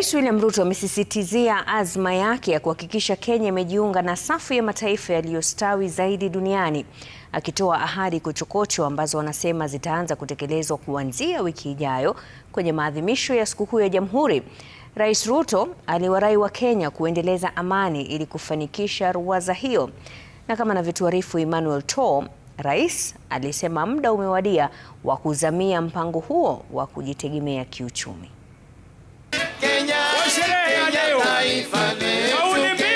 Rais William Ruto amesisitizia azma yake ya kuhakikisha Kenya imejiunga na safu ya mataifa yaliyostawi zaidi duniani, akitoa ahadi kochokocho ambazo wanasema zitaanza kutekelezwa kuanzia wiki ijayo kwenye maadhimisho ya sikukuu ya Jamhuri. Rais Ruto aliwarai wa kenya kuendeleza amani ili kufanikisha ruwaza hiyo, na kama anavyotuarifu Emmanuel to rais alisema muda umewadia wa kuzamia mpango huo wa kujitegemea kiuchumi sherehe ya leo. Kauli mbiu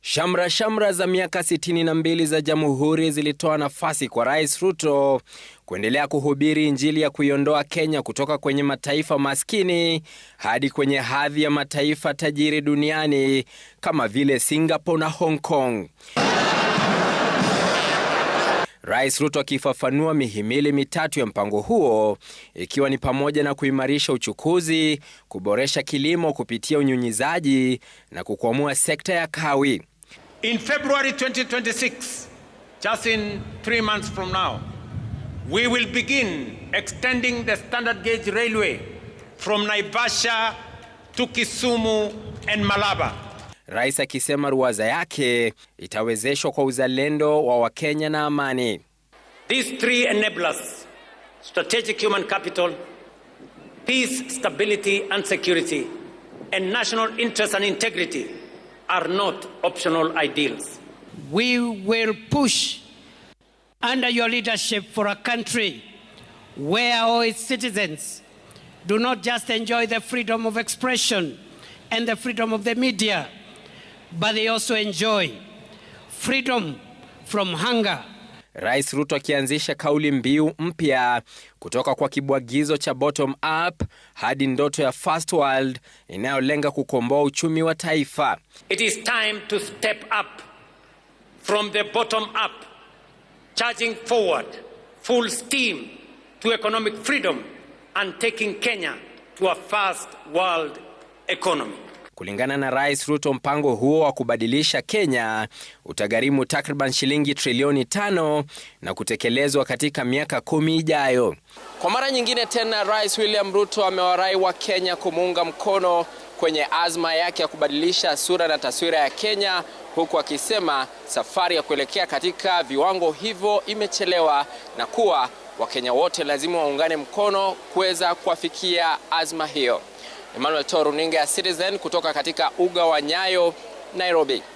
shamra shamra za miaka 62 za Jamhuri zilitoa nafasi kwa Rais Ruto kuendelea kuhubiri Injili ya kuiondoa Kenya kutoka kwenye mataifa maskini hadi kwenye hadhi ya mataifa tajiri duniani kama vile Singapore na Hong Kong. Rais Ruto akifafanua mihimili mitatu ya mpango huo ikiwa ni pamoja na kuimarisha uchukuzi, kuboresha kilimo kupitia unyunyizaji na kukwamua sekta ya kawi. In February 2026, just in three months from now, we will begin extending the standard gauge railway from Naivasha to Kisumu and Malaba rais akisema ruwaza yake itawezeshwa kwa uzalendo wa Wakenya na amani. These three enablers, strategic human capital, peace, stability and security, and national interest and integrity are not optional ideals. We will push under your leadership for a country where all its citizens do not just enjoy the freedom of expression and the freedom of the media, but they also enjoy freedom from hunger. Rais Ruto akianzisha kauli mbiu mpya kutoka kwa kibwagizo cha bottom up hadi ndoto ya first world inayolenga kukomboa uchumi wa taifa. It is time to step up from the bottom up, charging forward full steam to economic freedom and taking Kenya to a first world economy. Kulingana na Rais Ruto, mpango huo wa kubadilisha Kenya utagharimu takriban shilingi trilioni tano na kutekelezwa katika miaka kumi ijayo. Kwa mara nyingine tena, Rais William Ruto amewarai wa Kenya kumuunga mkono kwenye azma yake ya kubadilisha sura na taswira ya Kenya, huku akisema safari ya kuelekea katika viwango hivyo imechelewa na kuwa Wakenya wote lazima waungane mkono kuweza kuafikia azma hiyo. Emmanuel toruninga runinga ya Citizen kutoka katika uga wa Nyayo, Nairobi.